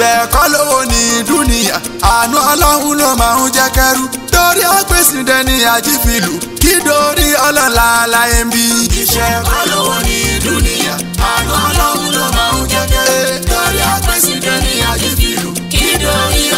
ẹ̀ṣẹ̀ kọ́ lówó ní dúnìyà àánú ọlọ́run ló máa ń jẹ́ kẹ́rù torí àpèsìndẹ̀ ní àjífìlù kí dorí ọlọ́la láyé ń bí. ìṣẹ́ kọ́ lówó ní dúnìyà àánú ọlọ́run ló máa ń jẹ́ kẹ́rù torí àpèsìndẹ̀ ní àjífìlù kí dorí ọlọ́la láyé ń bí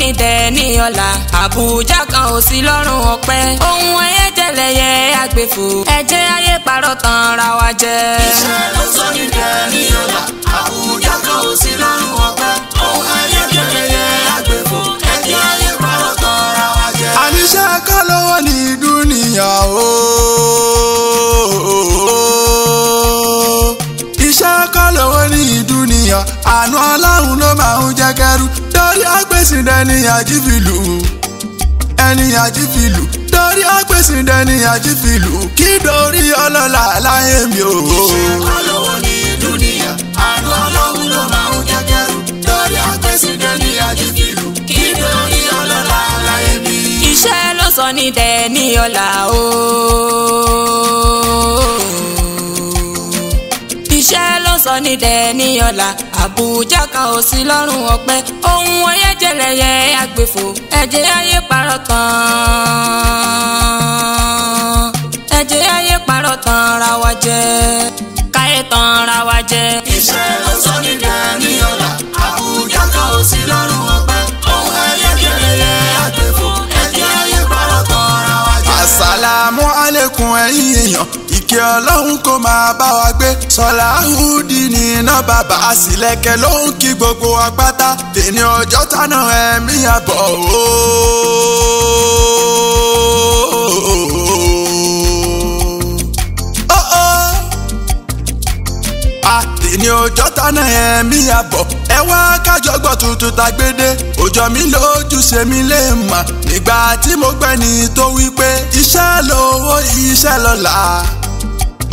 ní tẹni ọ̀la àbújá kan ò sí lọ́rùn ọ̀pẹ ohun ẹyẹ jẹlẹyẹ àgbẹ̀fò ẹ̀jẹ̀ ayé parọ́ tán ra wa jẹ. iṣẹ́ ló sọ ní tẹni ọ̀la àbújá kan ò sí lọ́rùn ọ̀pẹ ohun ẹyẹ jẹlẹyẹ ẹ̀jẹ̀ ayé. agbésìndẹ́ni àjífìlù ẹni àjífìlù torí agbésìndẹ́ni àjífìlù kí dorí ọlọ́lá láyé mi ò. ṣé olówó ní dúníyà àánú ọlọ́run ló máa ń jẹjẹrù torí agbésìndẹ́ni àjífìlù kí dorí ọlọ́lá láyé mi. iṣẹ́ ló sọ ní dẹ́ni ọ̀la o. iṣẹ́ ló sọ ní dẹ́ni ọ̀la àbújá kan ò sí lọ́rùn ọ̀pẹ ohun ọyẹ́jẹ̀lẹ̀yẹ àgbèfò ẹ̀jẹ̀ ayé parọ́ tán ẹ̀jẹ̀ ayé parọ́ tán ra wa jẹ káyé tán ra wa jẹ. iṣẹ́ ló sọ ní dàníyànlá àbújá kan ò sí lọ́rùn ọ̀pẹ ohun ọyẹ́jẹ̀lẹ̀yẹ àgbèfò ẹ̀jẹ̀ ayé parọ́ tán ra wa jẹ. àsàlámù alẹ́kùn ẹ̀yìn èèyàn ìkẹ́ ọlọ́run kó máa bá wa gbé sọláhùdí ní iná bàbá àsìlẹ̀kẹ̀ ló ń kí gbogbo wa pátá tèmi ọjọ́ tánà ẹ̀mí àbọ̀ ooo. ní oh, oh. ọjọ́ tánà ẹ̀mí àbọ̀ ẹ wá kájọgbọ́ tuntun tàgbédé òjò mi lójú ṣe mi lè mà nígbà tí mo gbẹ́ni tó wí pé iṣẹ́ lówó iṣẹ́ lọ́la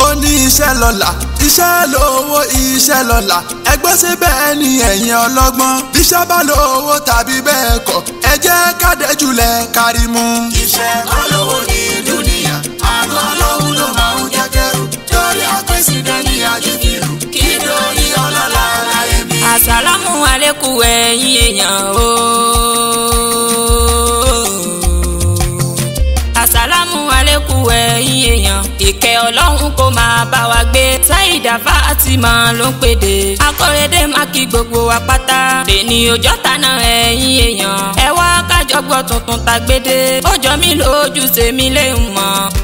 ó ní iṣẹ́ lọ́la iṣẹ́ lówó iṣẹ́ lọ́la ẹgbẹ́ sí bẹ́ẹ̀ ni ẹ̀yin ọlọ́gbọ́n bíṣẹ́ bá lówó tàbí bẹ́ẹ̀ kọ́ ẹ jẹ́ kádẹ́julẹ̀ kárí mú. iṣẹ́ bá lówó ní dúnìyà àgọ́ ọlọ́run ló máa ń jẹ́ torí àpèsè dẹ́ni àjẹkìrù kí lórí ọlọ́lá aláyé mi. àsàlámù alẹ́kùn ẹ̀yin èèyàn bá wa gbé Saheed Fatima ló ń pèdè Akọ́rẹ́dé má kí gbogbo wa pátá lẹ́ni òjọ́ tánà ẹ̀yìn èèyàn ẹ wá kájọ gbọ́ tuntun tá ó jọ mí lójú ṣèmi lè mọ̀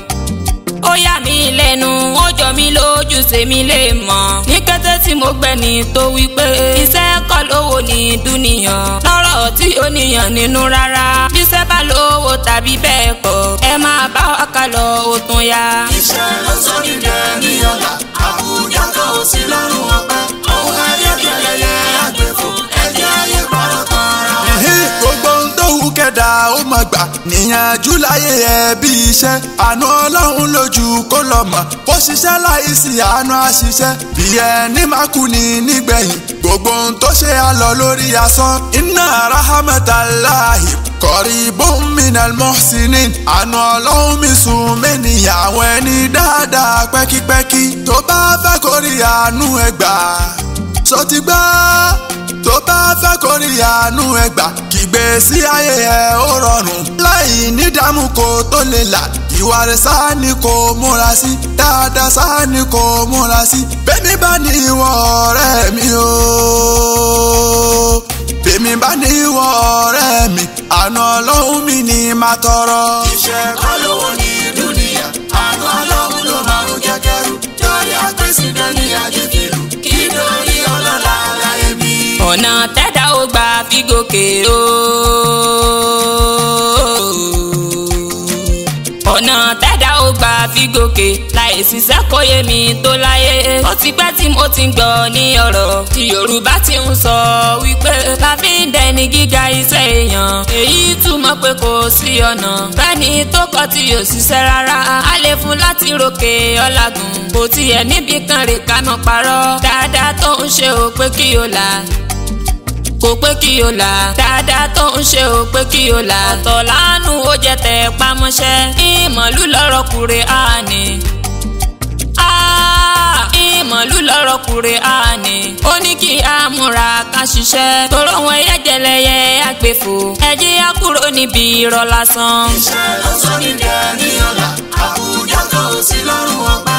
ó yà mí lẹ́nu ó jọ mí lójú sèmi lè mọ̀ ní kété tí mo gbẹ̀ni tó wí pé iṣẹ́ kọ́ lówó ní dúnìyàn lọ́rọ̀ tí ó níyàn nínú rárá bíṣẹ́ bá lówó tàbí bẹ́ẹ̀ kọ́ ẹ máa bá wa lọ ó tún iṣẹ́ ló sọ nídẹ̀ẹ́ ní ọ̀la àbújá tó sí lọ́rùn ọ̀pá. ó mọ̀ gbà níyànjú láyé ẹbí iṣẹ́ àná ọlọ́run lójú kó lọ mọ̀ kó ṣiṣẹ́ láìsí àánú àṣiṣẹ́ bí ẹni máa kú ni nígbẹ̀yìn gbogbo ohun tó ṣe á lọ lórí asán iná rahamatallahi kọ̀rìbùn minal muhsinin àná ọlọ́run mi sùn mẹ́niyà àwọn ẹni dáadáa pẹ́kípẹ́kí tó bá fẹ́ kórè àánú ẹgbàá sọ ti gbá tó bá fẹ́ kórè àánú ẹgbàá ìgbésí ayé ẹ ó rọrùn láì nídààmú kó tó lè là ìwà rẹ̀ sáà ni kò múra sí dáadáa sáà kò múra sí bẹ́ẹ̀ni bá ní ìwọ ọ̀rẹ́ mi o bẹ́ẹ̀ni bá ní ìwọ ọ̀rẹ́ mi àna ọlọ́run mi ni màá tọrọ. iṣẹ́ olówó ní dúnìyà àna ọlọ́run ló máa ń jẹgẹrú torí àpèsè náà ní àjẹjẹrú kí lórí ọlọ́lá ara ẹ̀mí. ọ̀nà tẹ́tà la fi gòkè o. ọ̀nà tẹ́dá ó gbà fi gòkè láì sísá kò yé mi tó láyé. ó ti pẹ́ tí mo ti gbọ́ ní ọ̀rọ̀ tí Yorùbá ti ń sọ wípé láfi ń dẹni gíga iṣẹ́ èèyàn. èyí túmọ̀ pé kò sí ọ̀nà fẹ́ni tó kọ́ tí yóò ṣiṣẹ́ rárá. a lè fún láti ròkè ọ̀làgùn kò tiẹ̀ níbi kan rè ká mọ̀ parọ́ dáadáa tó ń ṣe ò pé kí o là kò pé kí o là. dáadáa tó ń ṣe ò pé kí o là. ọ̀tọ̀ láàánú ó jẹ tẹ̀ pamọ́ṣẹ́. ìmọ̀lú lọ́rọ̀ kure àní. ìmọ̀lú lọ́rọ̀ kure àní. ó ní kí a múra ká ṣiṣẹ́. toró wọn yẹ jẹlẹyẹ àgbẹ̀fọ́. ẹ jẹ́ á kúrò níbi irọ́ lásán. iṣẹ́ ló sọ ní dẹ́ni ọ̀la àbújá kan ò sí lọ́rùn ọgbà.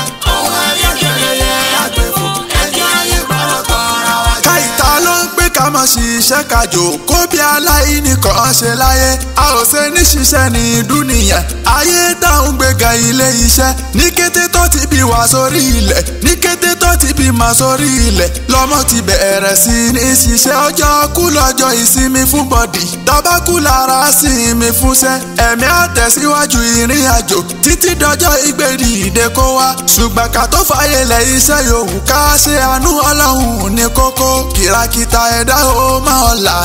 máa ṣiṣẹ́ kájò kó bí aláìníkan ṣe láyé a ò ṣe ní ṣiṣẹ́ ní dúnìyàn ayé dáhùn gbéga ilé iṣẹ́ ní kété tó ti bí wá sórí ilẹ̀ ní kété tó ti bí má sórí ilẹ̀ lọ́mọ ti bẹ̀rẹ̀ sí ní ṣiṣẹ́ ọjọ́ kú lọ́jọ́ ìsinmi fún bọ́dì tabakú lára sinmi fúnṣẹ́ ẹ̀mí àtẹ̀síwájú ìrìn àjò títí dọjọ́ ìgbèrè ìdè kó wá ṣùgbọ́n ká tó fàyè lẹ̀ iṣẹ́ yòówù ká ṣe àánú ọlọ́run ní kókó kìràkìtà ẹ̀dá ó máa là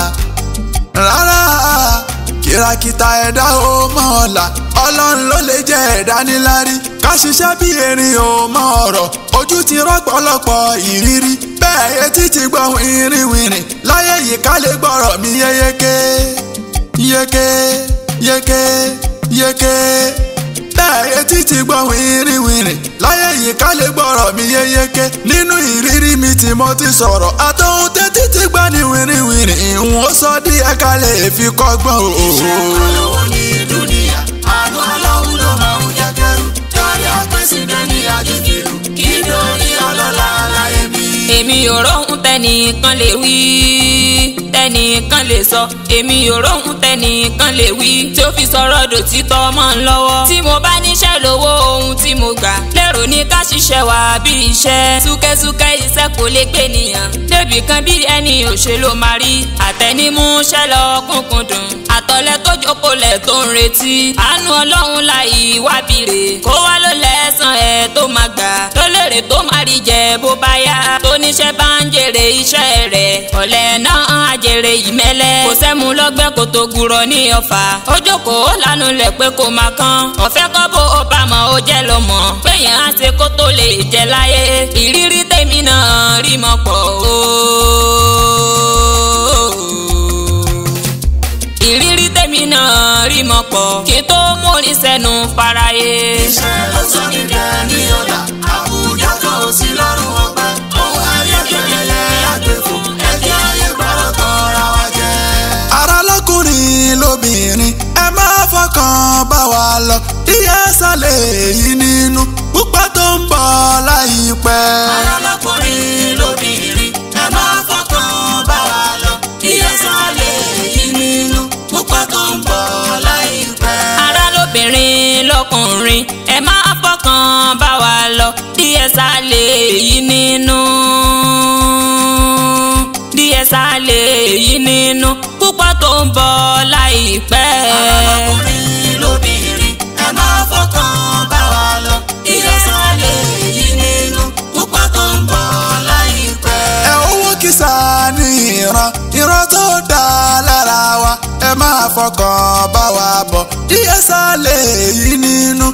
rárá. kíra kìtà ẹ̀dá ọmọ ọ̀la ọlọ́run ló lè jẹ́ ẹ̀dá níláàrí ká ṣiṣẹ́ bí erin ọmọ ọ̀rọ̀ ojú ti rọ́pọ̀lọpọ̀ ìrírí bẹ́ẹ̀ etí ti gbọ̀hún irinwìnrin láyé yìí ká lè gbọ́rọ̀ mí yékéyéké yékéyéké yékéyéké. bẹ́ẹ̀ etí ti gbọ́ wìrìwìrì láyé yìí ká lè gbọ́rọ̀ mi yéyéké nínú ìrírí mi tí mo ti sọ̀rọ̀ àtọ́hún tẹ́tí ti gbá ní wìrìwìrì ìhun ó sọ díẹ̀ ká lè fi kọ́gbọ́n o. ṣé olówó ní dúníyà àánú ọlọ́run ló máa ń yá kẹrù torí ọpẹ́ sí náà ní àjòjì kí lórí ọlọ́lá aláyẹ̀mí. èmi ò rọ́hùn tẹnìkan lè wí tẹnìkan lè sọ èmi ò róhun tẹnìkan lè wí tí ó fi sọ̀rọ̀ dòtí tọ́ mọ́ ń lọ́wọ́. tí mo bá níṣẹ́ lówó ohun tí mo gbà lérò ní ká ṣiṣẹ́ wà bí iṣẹ́. súkẹ́súkẹ́ iṣẹ́ kò lè gbé nìyàn débì kan bí ẹni òṣè ló máa rí àtẹnimúṣẹ́ lọ kúnkún dùn àtọ̀lẹ́ tó jókòó tó ń retí àánú ọlọ́run láì wábìrè kó wá ló lẹ́sàn-án ẹ̀ tó máa gbà tó lérè iṣẹ́ rẹ̀ ọ̀lẹ náà á jèrè ìmẹ́lẹ́ kò sẹ́mu lọ́gbẹ́ kò tó gùrọ̀ ní ọ̀fà ó jókòó lánú lẹ̀ pé kò máa kán ọ̀fẹ́ kọ́ bó o bá mọ̀ ó jẹ́ lọ mọ̀ péyàn á ṣe kó tó lè jẹ láyé ìrírí tèmi náà rí mọ́ pọ̀ ìrírí tèmi náà rí mọ́ pọ̀ kí n tó múrin sẹ́nu faraye. iṣẹ́ ló sọ mi dá ní ọ̀dà. yìí nínú púpọ̀ tó ń bọ̀ láìpẹ́. ara lọkùnrin lóbìnrin ẹ máa fọkàn bá wa lọ kí ẹ sàn lè yí nínú púpọ̀ tó ń bọ̀ láìpẹ́. ara lóbìnrin lọkùnrin ẹ máa fọkàn bá wa lọ kí ẹ sàn lè yí nínú díẹ̀ sá lè nínú púpọ̀ tó ń bọ̀ láìpẹ́. ara lọkùnrin. fọkàn bá wa bọ̀ díẹ̀ sálẹ̀ èyí nínú.